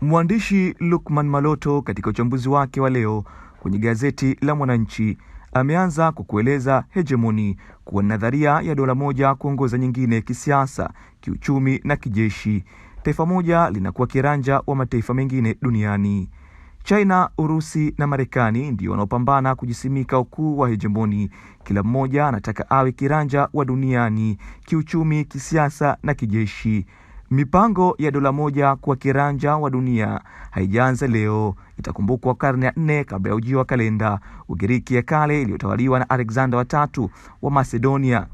Mwandishi Lukman Maloto katika uchambuzi wake wa leo kwenye gazeti la Mwananchi ameanza kwa kueleza hegemoni kuwa nadharia ya dola moja kuongoza nyingine kisiasa, kiuchumi na kijeshi. Taifa moja linakuwa kiranja wa mataifa mengine duniani. China, Urusi na Marekani ndio wanaopambana kujisimika ukuu wa hegemoni. Kila mmoja anataka awe kiranja wa duniani kiuchumi, kisiasa na kijeshi. Mipango ya dola moja kwa kiranja wa dunia haijaanza leo, itakumbukwa karne ya nne kabla ya ujio wa kalenda. Ugiriki ya kale iliyotawaliwa na Alexander watatu wa Macedonia,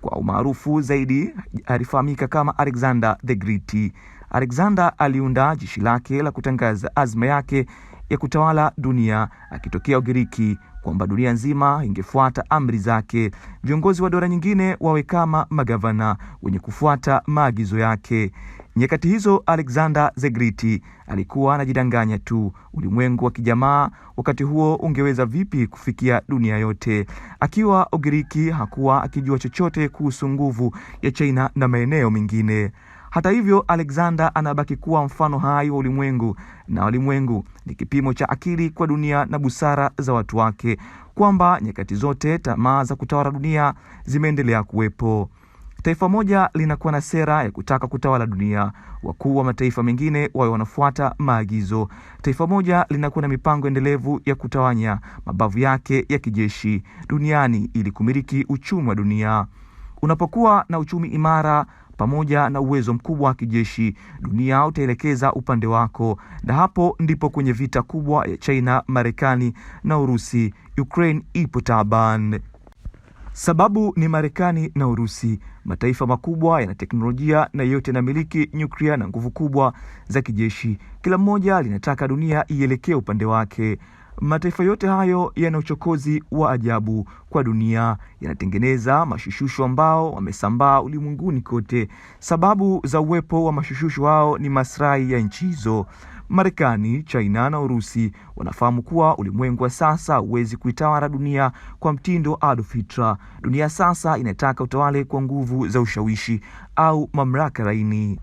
kwa umaarufu zaidi alifahamika kama Alexander the Great. Alexander aliunda jeshi lake la kutangaza azma yake ya kutawala dunia akitokea Ugiriki kwamba dunia nzima ingefuata amri zake. Viongozi wa dola nyingine wawe kama magavana wenye kufuata maagizo yake. Nyakati hizo Alexander the Great alikuwa anajidanganya tu. Ulimwengu wa kijamaa wakati huo ungeweza vipi kufikia dunia yote? Akiwa Ugiriki hakuwa akijua chochote kuhusu nguvu ya China na maeneo mengine. Hata hivyo, Alexander anabaki kuwa mfano hai wa ulimwengu, na ulimwengu ni kipimo cha akili kwa dunia na busara za watu wake, kwamba nyakati zote tamaa za kutawala dunia zimeendelea kuwepo. Taifa moja linakuwa na sera ya kutaka kutawala dunia, wakuu wa mataifa mengine wawe wanafuata maagizo. Taifa moja linakuwa na mipango endelevu ya kutawanya mabavu yake ya kijeshi duniani ili kumiliki uchumi wa dunia. Unapokuwa na uchumi imara pamoja na uwezo mkubwa wa kijeshi, dunia utaelekeza upande wako, na hapo ndipo kwenye vita kubwa ya China, Marekani na Urusi, Ukraine ipo taban Sababu ni Marekani na Urusi, mataifa makubwa yana teknolojia na yote yanamiliki nyuklia na nguvu kubwa za kijeshi. Kila mmoja linataka dunia ielekee upande wake. Mataifa yote hayo yana uchokozi wa ajabu kwa dunia, yanatengeneza mashushushu ambao wamesambaa ulimwenguni kote. Sababu za uwepo wa mashushushu hao ni maslahi ya nchi hizo. Marekani, China na Urusi wanafahamu kuwa ulimwengu wa sasa huwezi kuitawala dunia kwa mtindo adofitra Dunia sasa inataka utawale kwa nguvu za ushawishi au mamlaka laini.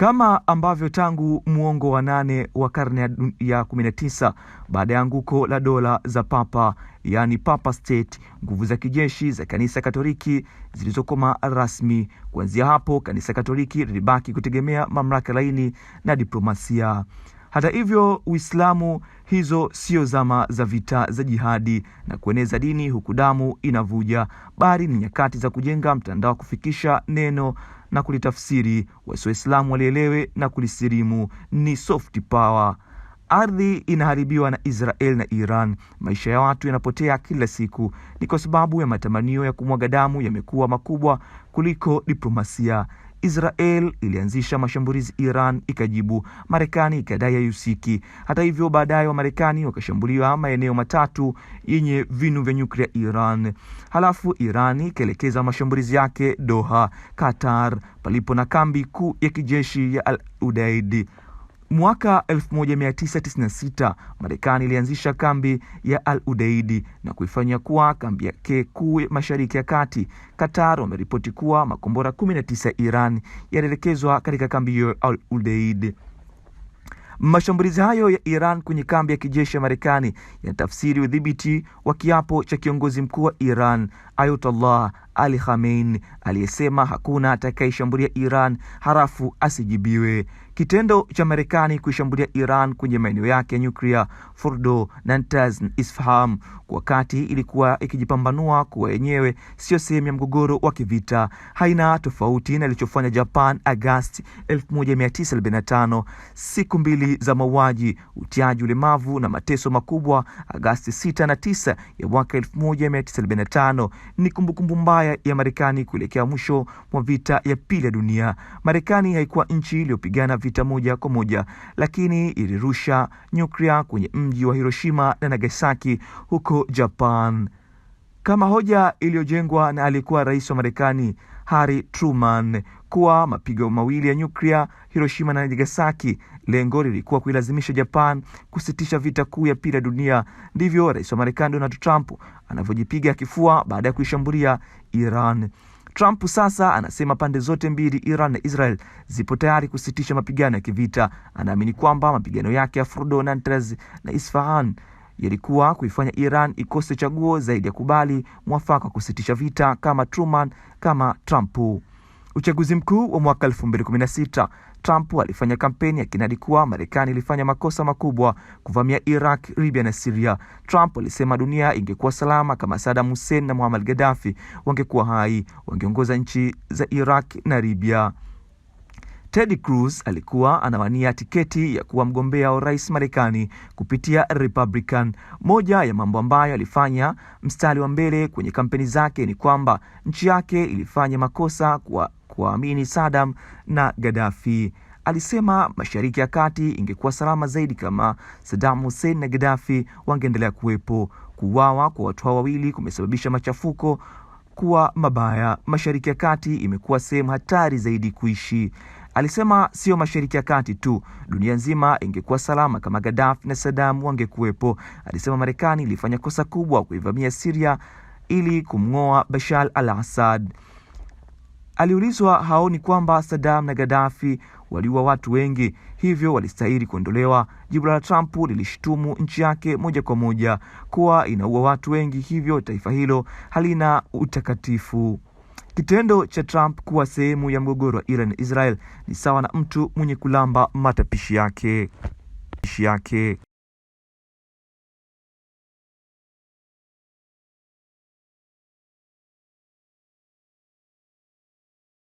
Kama ambavyo tangu muongo wa nane wa karne ya 19 baada ya anguko la dola za papa, yani papa state, nguvu za kijeshi za kanisa Katoliki zilizokoma rasmi. Kuanzia hapo, kanisa Katoliki lilibaki kutegemea mamlaka laini na diplomasia. Hata hivyo, Uislamu hizo sio zama za vita za jihadi na kueneza dini huku damu inavuja, bali ni nyakati za kujenga mtandao wa kufikisha neno na kulitafsiri, waislamu walielewe na kulisilimu. Ni soft power. Ardhi inaharibiwa na Israel na Iran, maisha ya watu yanapotea kila siku. Ni kwa sababu ya matamanio ya kumwaga damu yamekuwa makubwa kuliko diplomasia. Israel ilianzisha mashambulizi Iran ikajibu, Marekani ikadai haihusiki. Hata hivyo, baadaye Wamarekani wakashambuliwa maeneo matatu yenye vinu vya nyuklia Iran, halafu Iran ikaelekeza mashambulizi yake Doha, Qatar, palipo na kambi kuu ya kijeshi ya Al Udeid. Mwaka 1996 Marekani ilianzisha kambi ya Al Udeidi na kuifanya kuwa kambi yake kuu mashariki ya kati. Qatar wameripoti kuwa makombora 19 Iran yalielekezwa katika kambi hiyo Al udaidi Mashambulizi hayo ya Iran kwenye kambi ya kijeshi ya Marekani yanatafsiri udhibiti wa kiapo cha kiongozi mkuu wa Iran Ayatollah Ali hamein aliyesema hakuna atakayeshambulia Iran harafu asijibiwe. Kitendo cha Marekani kuishambulia Iran kwenye maeneo yake ya nyuklia Fordo, Natanz, Isfahan wakati ilikuwa ikijipambanua kuwa yenyewe sio sehemu ya mgogoro wa kivita haina tofauti na ilichofanya Japan Agasti 1945, siku mbili za mauaji, utiaji ulemavu na mateso makubwa Agasti 6 na 9 ya mwaka 1945 ni kumbukumbu mbaya ya Marekani kuelekea mwisho mwa vita ya pili ya dunia. Marekani haikuwa nchi iliyopigana vita iliyopita moja kwa moja, lakini ilirusha nyuklia kwenye mji wa Hiroshima na Nagasaki huko Japan, kama hoja iliyojengwa na aliyekuwa rais wa Marekani Harry Truman kuwa mapigo mawili ya nyuklia Hiroshima na Nagasaki, lengo lilikuwa kuilazimisha Japan kusitisha vita kuu ya pili ya dunia. Ndivyo rais wa Marekani Donald Trump anavyojipiga kifua baada ya kuishambulia Iran. Trump sasa anasema pande zote mbili, Iran na Israel, zipo tayari kusitisha mapigano ya kivita. Anaamini kwamba mapigano yake ya Fordo, Natanz na Isfahan yalikuwa kuifanya Iran ikose chaguo zaidi ya kubali mwafaka wa kusitisha vita kama Truman kama Trump. Uchaguzi mkuu wa mwaka 2016, Trump alifanya kampeni akinadi kuwa Marekani ilifanya makosa makubwa kuvamia Iraq, Libya na Syria. Trump alisema dunia ingekuwa salama kama Saddam Hussein na Muammar Gaddafi wangekuwa hai, wangeongoza nchi za Iraq na Libya. Ted Cruz alikuwa anawania tiketi ya kuwa mgombea wa urais Marekani kupitia Republican. Moja ya mambo ambayo alifanya mstari wa mbele kwenye kampeni zake ni kwamba nchi yake ilifanya makosa kwa kuwaamini Saddam na Gaddafi. Alisema Mashariki ya Kati ingekuwa salama zaidi kama Saddam Hussein na Gaddafi wangeendelea kuwepo. Kuuawa kwa watu hao wawili kumesababisha machafuko kuwa mabaya. Mashariki ya Kati imekuwa sehemu hatari zaidi kuishi. Alisema sio Mashariki ya Kati tu, dunia nzima ingekuwa salama kama Gaddafi na Saddam wangekuwepo. Alisema Marekani ilifanya kosa kubwa kuivamia Syria ili kumng'oa Bashar al-Assad. Aliulizwa haoni kwamba Saddam na Gaddafi waliua watu wengi, hivyo walistahili kuondolewa. Jibu la Trump lilishutumu nchi yake moja kwa moja kuwa inaua watu wengi, hivyo taifa hilo halina utakatifu. Kitendo cha Trump kuwa sehemu ya mgogoro wa Iran na Israel ni sawa na mtu mwenye kulamba matapishi yake.